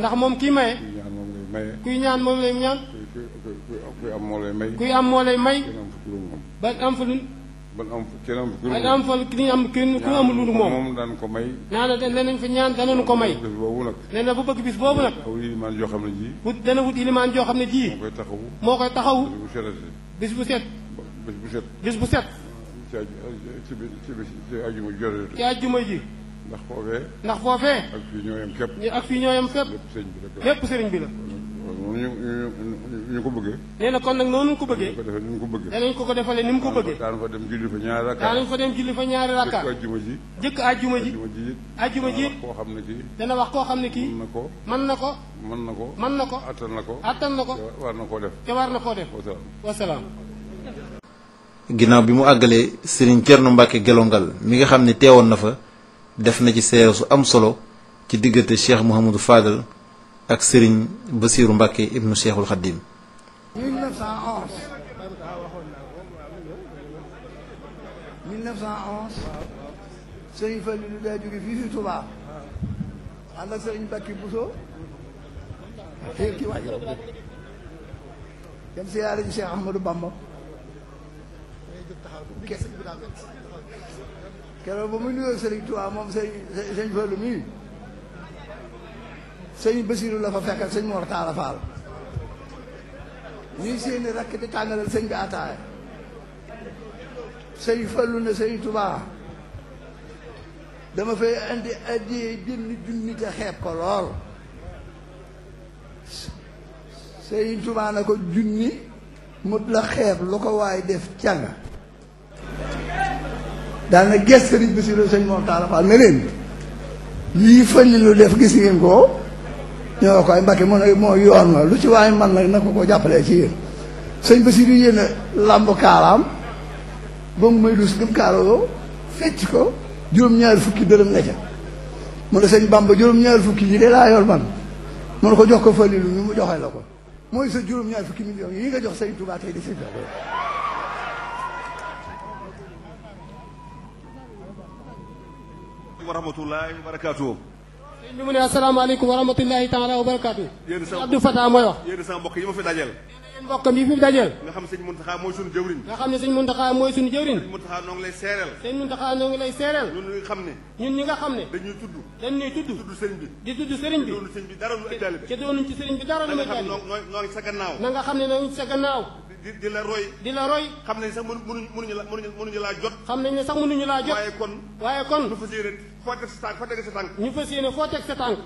ndax moom kii maye. kuy ñaan moom lay ñaan. kuy am moo lay may. kuy am moo lay may. ba am fa lu. ba am fa kenn am fa. am fa li am kenn ku amul lu moom. moom daan ko may. naa la danañ fa ñaan danañ ko may. nee na bu bëgg bis boobu nag. wut dana wut ilimaan joo xam ne ji. moo koy taxawu. moo koy taxawu. bis bu set. bis bu set. bis bu set. ci àjjuma ji. ndax foofee. ndax foofee. ak fii ñoo yem képp. ak fii ñoo yem képp. lépp sëriñ bi la lépp sëriñ bi la. ñu ñu ko bëggee. nee na kon nag noonu ko bëggee. ñu ko bëggee. danañ ko ko defalee ni mu ko bëggee. daan fa dem julli fa ñaari rakka. daan fa dem julli fa ñaari rakka. jëkk àjjuma ji. jëkk àjjuma ji. àjjuma ji koo xam ne kii. dana wax koo xam ne kii. mën na ko mën na ko. mën na ko mën na ko. attan na ko attan na ko. te war na koo def. te war na koo def. wasalaam. ginnaaw bi mu àggalee Serigne Thierno Mbacke Gelongal mi nga xam ne teewoon na fa. def na ci seere su am solo ci diggante cheikh Mouhamadou Fadal ak Serigne Bassirou Mbacke ibnu cheikhul Khadim. sëriñ Falilou daa jóge fii fi Touba ànd ak sëriñ Mbacke Bousso xëy ci waaj rabbi dem siyaare ji Cheikh Ahmadou Bamba كانوا بمنو سيري تو امام سي سي فلمي سي بسير الله فاك سي مورتا على فال ني سي ني راك تي تانال سي باتا سي فلون سي توبا دما في عندي ادي جن جن تا خيب كو لول سي توبا نكو جوني مود لا خيب لوكو واي ديف تيانا daana ges sëriñ Bassirou sëñ moom taalafaal ne leen lii fëli lu def gis ngeen ko ñoo koy Mbàkke mu moo yoon ma lu ci waay man nag na ko ko jàppalee ci yéen sëñ Bassirou yéen a làmb kaalaam ba mu may dus gëm kaaloo fecc ko juróom-ñaari fukki dërëm ne ca mu ne sëñ Bamba juróom-ñaari fukki yi de laa yor man mu ne ko jox ko fëli lu ñu mu joxee la mooy sa juróom-ñaari fukki million yi nga jox sëñ Tuubaa tey di sëñ asalaamaaleykum wa rahmatullahi wa barakaatu. sëñ bi mu ne asalaamaaleykum wa rahmatullahi taala wa barakaatu. yéen sama Abdou Fatah mooy wax. yéen yi ma fi dajeel. yéen mbokkam yi fi dajeel. nga xam sëñ Muntaxa mooy suñu jëwriñ. nga xam ne sëñ Muntaxa mooy suñu jëwriñ. sëñ Muntaxa noo ngi lay seereel. lay seereel. ñun ñi nga xam ne. ñun ñi nga xam ne. dañuy tudd. dañuy tudd tudd sëriñ bi. di tudd sëriñ bi doonu sëriñ bi na nga xam ne noo ngi sa gannaaw. di di la roy. di la roy. xam nañ sax mënuñu mënuñu la mënuñu laa jot. xam ne sax mënuñu laa jot. waaye kon. waaye kon ñu fas yéene foo teg sa tànk foo teg sa tànk. ñu fas yéene foo teg sa tànk.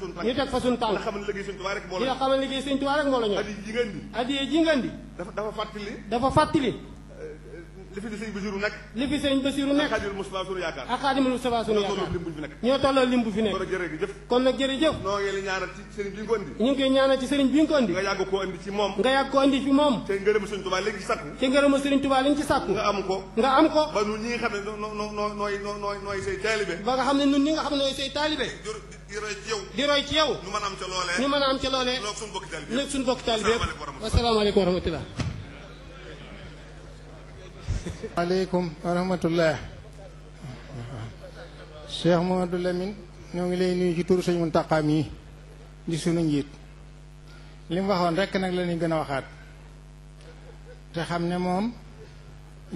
suñu tànk ñu teg fa suñu tànk. nga xam ne liggéey Sëñ Tuubaa rek moo la. nga xam ne liggéey Sëñ Tuubaa rek moo la ñor. addiya ji nga indi. addiya dafa fàttali. dafa fàttali. li fi sëñ Basiru nekk li fi sëñ Basiru nekk ak Xaadimul Mustafaa sunu yaakaar ak Xaadimul Mustafaa sunu yaakaar ñoo tolloo lim bu fi nekk kon nag jërëjëf noo ngi la ñaanal ci sëriñ bi nga ko indi ñu ngi koy ñaanal ci sëriñ bi nga ko indi nga yàgg koo indi ci moom nga yàgg koo indi ci moom te ngërëmu sëriñ Tuubaa léegi ci sàkku te ngërëmu sëriñ Tuubaa lañ ci sàkku nga am ko nga am ko ba ñun ñi nga xam ne noo noo nooy nooy nooy say taalibe ba nga xam ne ñun ñi nga xam ne nooy say taalibe di roy ci yow di roy ci yow ñu mën a am ca loolee ñu mën a am ca loolee suñu bokki taalibe yëpp asalaamaaleykum wa rahmatullah alaykum wa rahmatullah Cheikh Mouhamadou Lamine ñoo ngi lay nuyu ci tour seigne Muntaqa mi di sunu njiit lim waxon rek nak la ni gëna waxat te xamne ne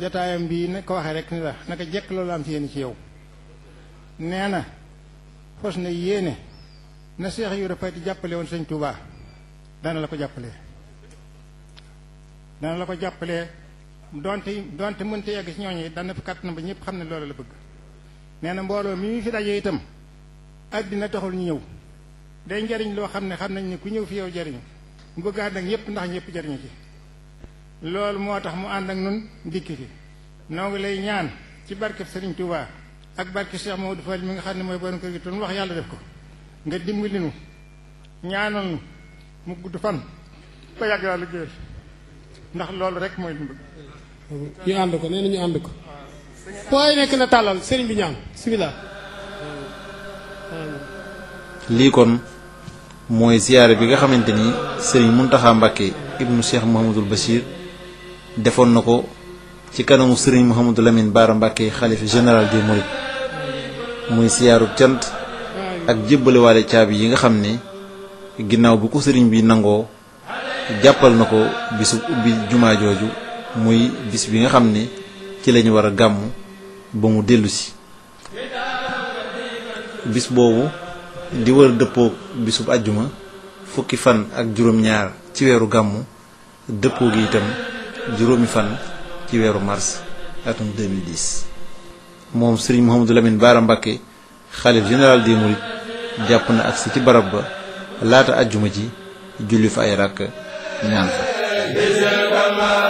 jotaayam bi bii ko waxe rek ni la naka jek loolu am ci yéen ci yow neena fos na yene na cheikh yu rafet jappale won seigne touba dana la ko jappale dana la ko jappale donte donte mënta yegg ci ñooñu fa kat na ba ñepp xamne loolu la bëgg neena mbolo mi fi dajé itam adina taxul ñu ñew day njariñ lo xamne xamnañ ni ku ñew fi yow jariñ bu bëgg ànd ak ñëpp ndax ñepp jariñu ci lool motax mu and ak nun dikki fi no ngi lay ñaan ci barke Serigne Touba ak barke Cheikh Maodo Fall mi nga xamne moy mooy ko gi tun wax yalla def ko nga dimbali nu ñaanal mu gudd fan ba yàgg laa liggéeyal ndax lool rek moy dimbali ñu ànd ko nee na ñu ànd ko waaye nekk na tàllal sëriñ bi ñaan bisimilah lii kon mooy ziyaare bi nga xamante ni sëriñ Muntaxa Mbàkke ibnu Cheikh Mouhamadul Bachir defoon na ko ci kanamu sëriñ Mouhamadou Lamine Baara Mbàkke xalifa général des Mourides muy siyaaru cant ak jébbalewaale caabi yi nga xam ne bu ko sëriñ bi nangoo jàppal na bisu ubbi jumaa jooju muy bis bi nga xam ne ci lañu war a gàmmu ba mu dellu bis boobu di war a dëppoog bisub àjjuma fukki fan ak juróom-ñaar ci weeru gàmmu dëppoo gi itam juróomi fan ci weeru mars atum moom sëriñ Mouhamadou Lamine Bara Mbacké xalif général des mourides jàpp na agsi ci barab ba laata àjjuma ji julli fa ay ràkk ñaan fa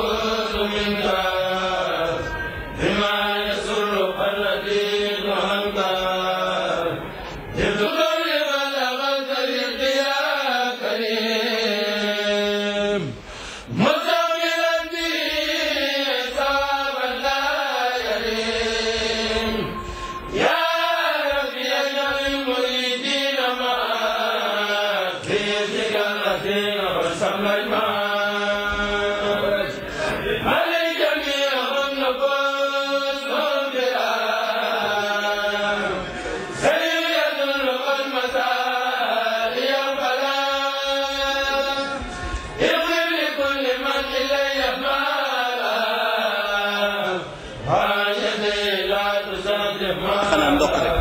xanaa ndokk rek.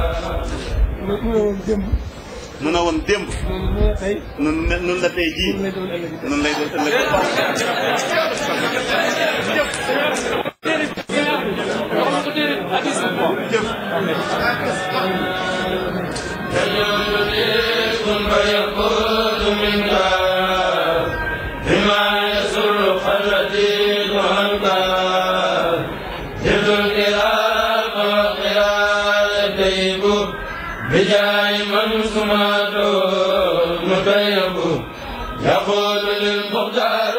mu ne woon démb. mu ne woon démb. nun nun la tey jii. nun lay doon ëllëg. jëf. يقول للمختار